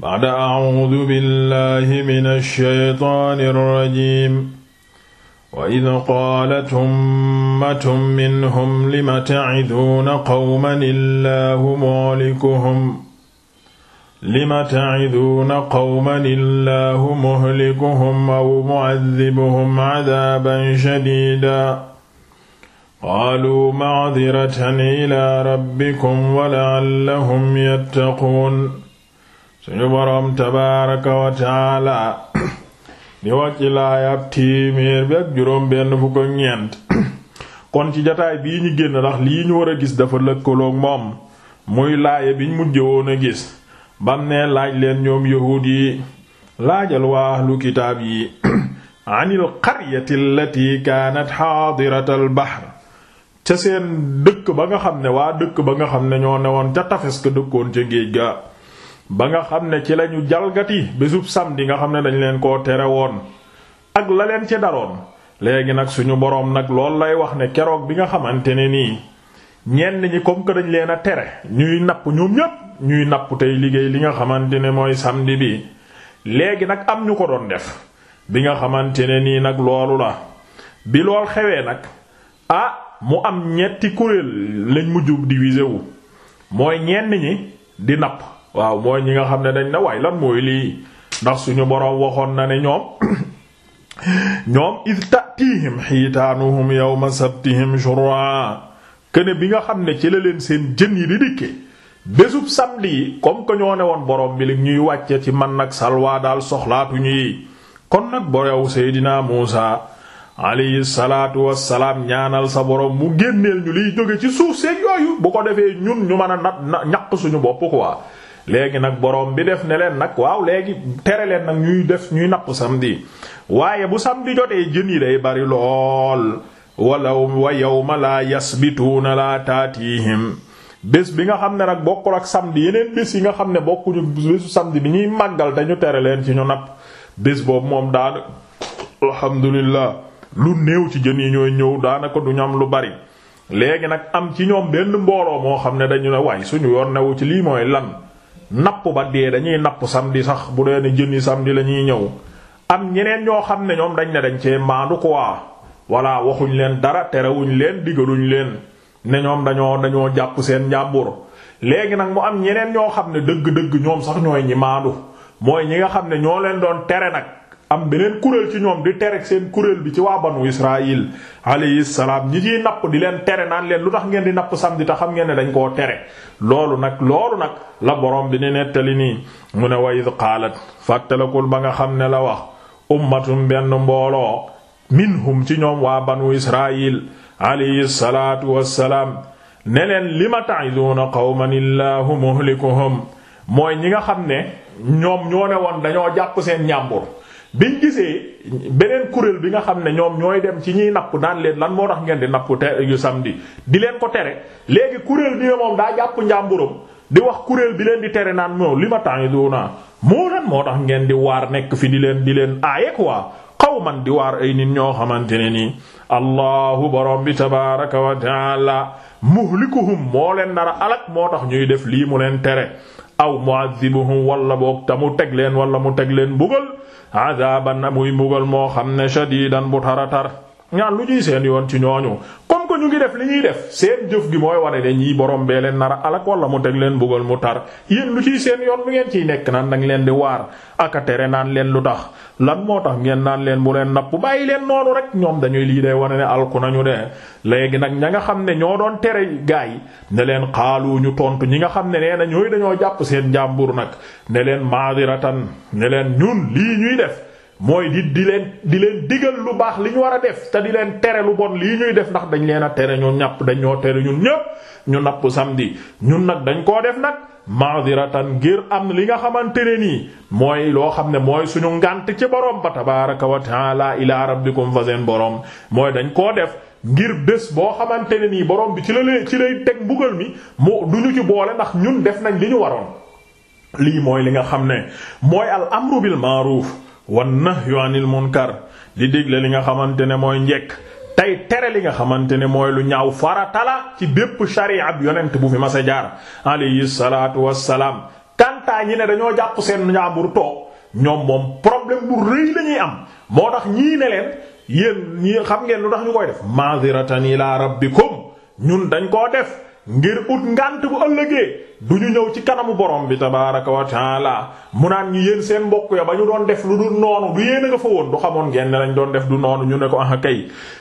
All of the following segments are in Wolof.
ba'da a'uudu billahi mina shaytaani rajiim wa id qaalat ummatun minhum lima ta'iduuna qawman illaahu muhlikuhum lima ta'iduuna qawman illaahu muhlikuhum aw mu'adhibuhum 'adaaban shadiidan qaaluu ma'diratan ilaa rabbikum wa la'allahum yattaquun suñu boroom tabaaraka wa taala di wax ci laayab téeméer bi ak juróom benn fukk ak ñeent kon ci jataay bii ñu génn ndax lii ñu war a gis dafa lëkkalook moom muy laaya biñ mujj woon a gis bam ne laaj leen ñoom yahuud yi laajal waa ahlu kitaab yi anil qaryati allati kaanat xaadiratal bahr ca seen dëkk ba nga xam ne waa dëkk ba nga xam ne ñoo newoon ca tafes ka dëkkoon ca géej ga ba nga xam ne ci lañu jalgati bésub samedi nga xam ne dañ leen koo tere woon ak la leen ci daroon léegi nag suñu boroom nag loolu lay wax ne keroog bi nga xamante ne nii ñenn ñi comme que dañ leen a tere ñuy napp ñoom ñëpp ñuy napp tey liggéey li nga xamante ne mooy samedi bi léegi nag am ñu ko doon def bi nga xamante ne nii nag loolu la bi lool xewee nag ah mu am ñetti kuréel lañ mujj divisé wu mooy ñenn ñi di napp waaw mooy ñi nga xam ne dañ ne waay lan mooy lii ndax suñu boroom waxoon na ne ñoom ñoom iz yow hitaanuhum yawma sabtihim shur'a kene bi nga xam ne ci la leen seen jën yi di dikke bésub samedi yi comme que ñoo ne woon boroom bi li ñuy wàcce ci man nag salwaa daal soxlaatuñu yi kon nag borew Seydina Muusa alayhi salaatu wassalaam ñaanal sa borom mu génneel ñu liy jóge ci suuf seeg yooyu bu ko defee ñun ñu mën a ñaq suñu bopp quoi léegi nag borom bi def ne leen nag waaw léegi tere leen nag ñuy def ñuy napp samedi waaye bu samedi jotee jën yi day bari lool wala wa yawma laa yasbituuna laa taatihim bés bi nga xam ne nag bokkul ak samedi yeneen bés yi nga xam ne bokkuñu bésu samedi bi ñuy màggal te ñu tere leen ci ñu napp bés boobu moom daan alhamdulillah lu néew ci jën yi ñooy ñëw daanaka du ñu am lu bari léegi nag am ci ñoom benn mbooloo moo xam ne dañu ne waay suñu yoon newu ci lii lan napp ba dee dañuy napp samedi sax bu dee ne jëni samedi la ñuy ñëw am ñeneen ñoo xam ne ñoom dañ ne dañ cee maandu waa walla waxuñu leen dara terewuñ leen digaluñ leen ne ñoom dañoo dañoo jàpp seen njàmbur. léegi nag mu am ñeneen ñoo xam ne dëgg-dëgg ñoom sax ñooy ñi maandu mooy ñi nga xam ne ñoo leen doon tere nag. am beneen kuréel ci ñoom di tere seen kuréel bi ci waa banu Israël alayhi salaam ñi ciy napp di leen tere naan leen lu tax ngeen di napp samedi te xam ngeen ne dañ koo tere loolu nag loolu nag la borom bi ni nettali nii mu ne wa id qaalat fàttalakul ba nga xam ne la wax ummatum benn mbooloo minhum ci ñoom waa banu Israël alayhi salaatu wassalaam ne leen lima ta'izuna qawman illaahu muhlikuhum mooy ñi nga xam ne ñoom ñoo ne woon dañoo jàpp seen ñàmbur biñ gisee beneen kuréel bi nga xam ne ñoom ñooy dem ci ñiy napp daan leen lan moo tax ngeen di napp te yu samedi di leen ko tere léegi kuréel bi nga moom daa jàpp njàmburam di wax kuréel bi leen di tere naan moom li ma temps doonaa moo lan moo tax ngeen di waar nekk fi di leen di leen aaye waa xaw man di waar ay nit ñoo xamante ne nii allahu borom bi tabaraka wa taala muhlikuhum moo leen nara alak moo tax ñuy def lii mu leen tere aw mu'adhibuhum wala boog ta mu teg leen wala mu teg leen mbugal adaban muy mbugal moo xam ne shadidan bu taratar ñaan lu ñuy seen yoon ci ñooñu ñu ngi def li ñuy def seen jëf gi mooy wane ne ñii borom bee leen nar a alak wala mu teg leen bëggal mu tar yéen lu ciy seen yoon lu ngeen ciy nekk naan dañ leen di waar aka tere naan leen lu tax lan moo tax ngeen naan leen bu leen napp bàyyi leen noonu rek ñoom dañuy lii day wane ne alku nañu de léegi nag ña nga xam ne ñoo doon tere gaa yi ne leen xaalu ñu tontu ñi nga xam ne nee na ñooy dañoo jàpp seen jàmbur nag ne leen maadiratan ne leen ñun lii mooy di di leen di leen digal lu baax li ñu war a def te di leen tere lu bon lii ñuy def ndax dañ leen a tere ñu ñàpp dañ ñoo tere ñun ñëpp ñu napp samedi ñun nag dañ koo def nag madiratan ngir am li nga xamante ne nii mooy loo xam ne mooy suñu ngànt ci borom ba tabaraka wa taala ila rabbikum fa seen boroom mooy dañ koo def ngir bés boo xamante ne nii borom bi ci la ci lay teg mbugal mi mu duñu ci boole ndax ñun def nag li ñu waroon lii mooy li nga xam ne mooy al amru bil wan nahyu anil munkar di digle li nga xamante ne mooy njekk tey tere li nga xamante ne mooy lu ñaaw faratala ci bépp sharia bi yonent bu fi masa jaar alayhi salaatu wassalaam kantaa ñi ne dañoo jàpp seen njaambur toog ñoom moom problème bu rëy lañuy am moo tax ñii ne leen yéen ñi xam ngeen lu tax ñu koy def maziratan ila rabbikum ñun dañ koo def ngir ut ngant bu ëllëgee du ñu ñëw ci kanamu borom bi tabaaraka wa taala mu naan ñu yéen seen mbokk ya ba ñu doon def lu dul noonu du yéen a nga fa woon du xamoon ngeen ne doon def du noonu ñu ne ko a ah kay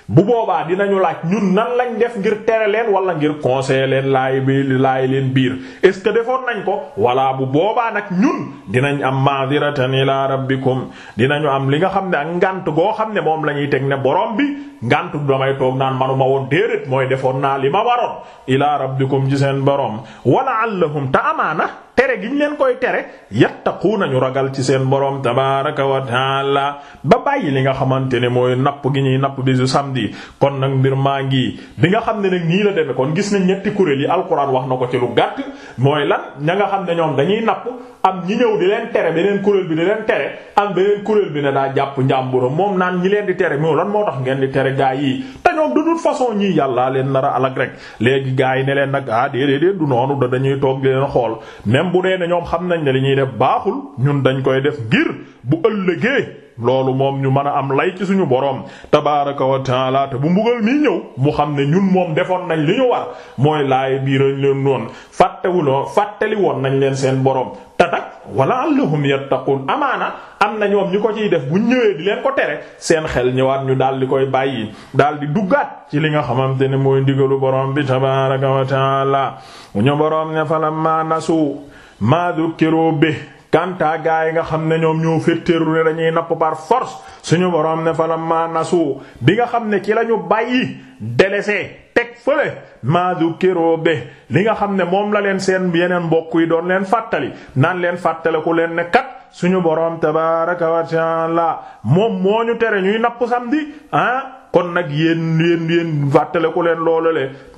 bu boobaa dinañu laaj ñun nan lañ def ngir tere wala ngir conseiller leen laay bi laay leen biir est ce que nañ ko wala bu boobaa nag ñun dinañ am madiratan ila rabbikum dinañu am li nga xam ne ak ngant goo xam ne moom la ñuy teg ne borom bi ngant damay toog naan manuma woon déedéet mooy defoon naa li ma waroon ila rabbikum ci seen borom wala allahum ta amaana tere gi ñu leen koy tere yattaquuna ñu ragal ci seen borom tabaaraka wa taala ba bàyyi li nga xamante ne mooy napp gi ñuy napp bisu samedi kon nag mbir maa ngi bi nga xam ne nag nii la demee kon gis nañ ñetti kuréel yi alxuraan wax na ko ci lu gàtt mooy lan ña nga xam ne ñoom dañuy napp am ñi ñëw di leen tere beneen kuréel bi di leen tere am beneen kuréel bi ne daa jàpp njàmburam moom naan ñi leen di tere moo lan moo tax ngeen di tere gaa yi ñoom du toute façon ñii yàllaa leen nar a alak rek léegi gars yi ne leen nag ah déedéet du noonu da dañuy toog di leen xool même bu dee ne ñoom xam nañ ne li ñuy def baaxul ñun dañ koy def ngir bu ëllëgee. loolu moom ñu mën a am lay ci suñu boroom tabaaraka wa taala te bu mbugal mi ñëw mu xam ne ñun moom defoon nañ li ñu war mooy laay biirañ leen noonu fàttewuloo fàttali woon nañ leen seen boroom tatak wala allahum yattaqun amaana am na ñoom ñu ko ciy def bu ñëwee di leen ko tere seen xel ñëwaat ñu daal di koy bàyyi daal di duggaat ci li nga xamante ne mooy ndigalu borom bi tabaaraka wa taala ñu borom ne falamma nasu ma dukiru bi kanta gaay nga xam ne ñoom ñoo féttéeru ne dañuy napp par force suñu borom ne falamma nasu bi nga xam ne ci lañu bàyyi délaissé teg fële maadu kéroo be li nga xam ne moom la leen seen yeneen mbokk yi doon leen fàttali naan leen fàttale ku leen ne kat suñu boroom tabaaraka wa ta'ala moom moo ñu tere ñuy napp samedi ah, kon nag yéen yéen yéen fàttale leen loolu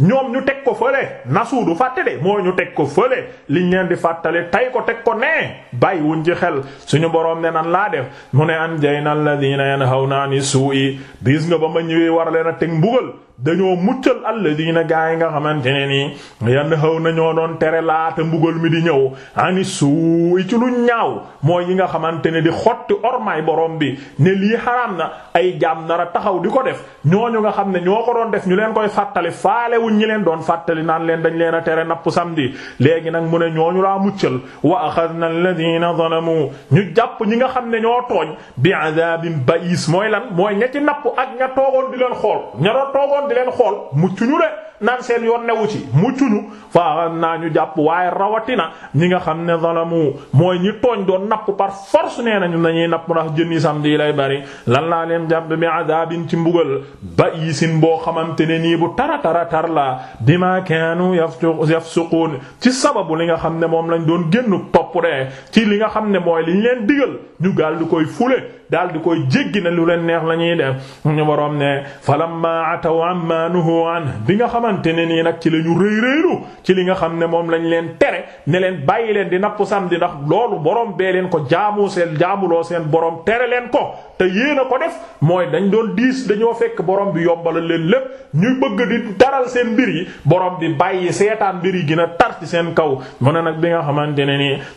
ñoom ñu teg ko fële nasu du fàtte de mooy ñu teg ko fële liñ leen di fàttale tey ko teg ko nee bàyyi wuñ ci xel suñu boroom ne nan laa def mu ne an jay na alladina yanhawna ani suu'i gis nga ba ma ñëwee war leen a teg mbugal dañoo muccal alladina gaa yi nga xamante ne nii yan xaw na ñoo doon tere laata mbugal mi di ñëw ani suu ci lu ñaaw mooy yi nga xamante ne di xotti ormaay borom bi ne lii xaraam na ay jaam nar a taxaw di ko def ñooñu nga xam ne ñoo ko doon def ñu leen koy fàttali faalewuñ ñi leen doon fàttali naan leen dañ leen a tere napp samedi léegi nag mu ne ñooñu laa muccal wa axadna alladina zalamu ñu jàpp ñi nga xam ne ñoo tooñ bi adabin ba'is mooy lan mooy ña ci napp ak ña toogoon di leen di leen xool muccuñu de naan seen yoon newu ci nu faa naa ñu jàpp waaye rawatina ñi nga xam ne zalamu mooy ñi tooñ doon napp par force nee nañu nañuy napp ndax jënni samedi lay bari lan laa leen jàpp bi adabin ci mbugal ba isin boo xamante ne nii bu tara tara tar la bima kaanu yafsuqun ci sababu li nga xam ne moom lañ doon génn topp de ci li nga xam ne mooy li ñu leen digal ñu gaal di koy fule daal di koy jéggi na lu leen neex la ñuy def ñu boroom ne falamma ataw amma nuhu an bi nga xamante ne nii nag ci la ñu rëy rëylu ci li nga xam ne moom lañ leen tere ne leen bàyyi leen di napp samedi ndax loolu borom bee leen ko jaamu seen jaamuloo seen borom tere leen ko te yéen a ko def mooy dañ doon diis dañoo fekk borom bi yombalal leen lépp ñu bëgg di daral seen mbir yi borom bi bàyyi seetaan yi gën a tar ci seen kaw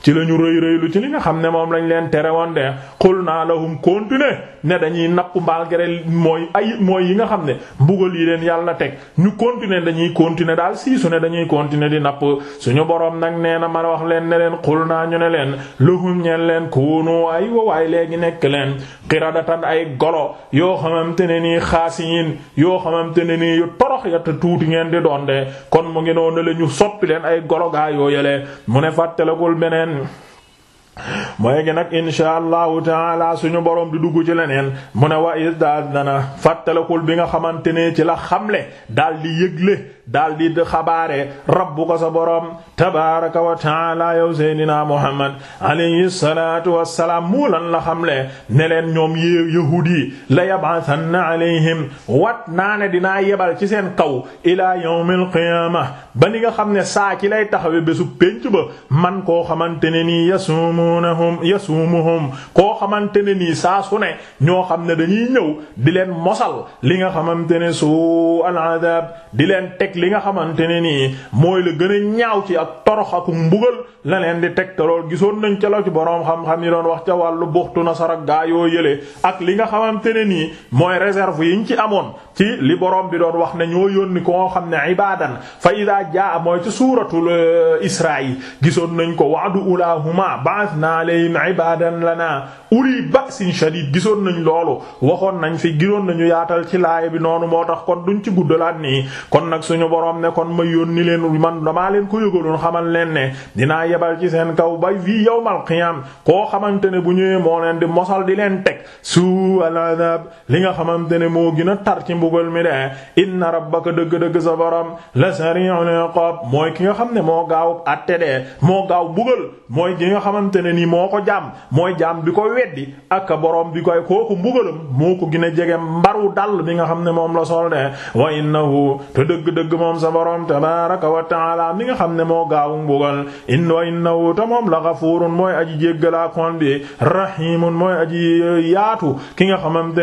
ci la ñu rëy rëylu ci li nga xam ne moom lañ leen tere woon de xul naa la lahum continuer ne dañuy napp malgré mooy ay mooy yi nga xam ne mbugal yi leen yàlla teg ñu continuer dañuy continuer daal sii su ne dañuy continuer di napp suñu boroom nag nee na man wax leen ne leen xul naa ñu ne leen lahum ñeen leen kuunu ay wawaay léegi nekk leen xiradatan ay golo yoo xamante ne nii xaasiin yoo xamante ne nii yu torox ya te tuuti ngeen di doon de kon mu ngi noonu la soppi leen ay golo yoo mooy gi nag insha allahu taala suñu boroom di dugg ci leneen mu ne wa is daal dana fàttalikul bi nga xamante ne ci la xamle daal di yëgle. daal di xabaare rabbuka sa borom tabaaraka wa taala yow seydina muhammad alayhi salaatu wassalaam mu lan la xamle ne leen ñoom y yahuudi la yab'athanna alayhim wat naa ne dinaa yebal ci seen kaw ilaa yawmil qiyaama ba ni nga xam ne saa ci lay taxawe bésu pénc ba man koo xamante ne nii yasumuunahum yasumuhum koo xamante ne nii saa su ne ñoo xam ne dañuy ñëw di leen mosal li nga xamante ne su di leen teg li nga xamante ne nii mooy la gën a ñaaw ci ak torox ak mbugal la leen di teg te lool gisoon nañ ca la ci boroom xam-xam yi doon wax ca wàllu buxtu nasara gaa yoo yële ak li nga xamante ne nii mooy réserve yi ñu ci amoon ci li boroom bi doon wax ne ñoo yónni ko xam ne ibaadan fa idaa jaa mooy ci suuratul eh, israa yi gisoon nañ ko wa'du ulaahuma ba'athna alayhim ibaadan lana uli ba'sin shadiid gisoon nañ loolu waxoon nañ fi gisoon nañu yaatal ci laay bi noonu moo tax kon duñ ci guddalaat nii kon nag suñu borom ne kon ma yónni leen man damaa leen ko yëgaloon xamal leen ne dinaa yebal ci seen kaw ba fii yawmal qiyaam koo xamante ne bu ñëwee moo leen di mosal di leen teg su al li nga xamante ne moo gën mbugal mi de inna rabbaka dëgg-dëgg sa borom la sari'ul iqab mooy ki nga xam ne moo gaaw atte de moo gaaw mbugal mooy ki nga xamante ne ni moo ko jaam mooy jaam bi ko weddi ak borom bi koy kooku mbugalam moo ko gën a jege mbaru dal bi nga xam ne moom la sol de wa innahu te dëgg-dëgg moom sa borom tabaraka wa taala mi nga xam ne moo gaaw mbugal in wa innahu te moom la ghafurun mooy aji jéggalaa kon bi rahimun mooy aji yaatu ki nga xamante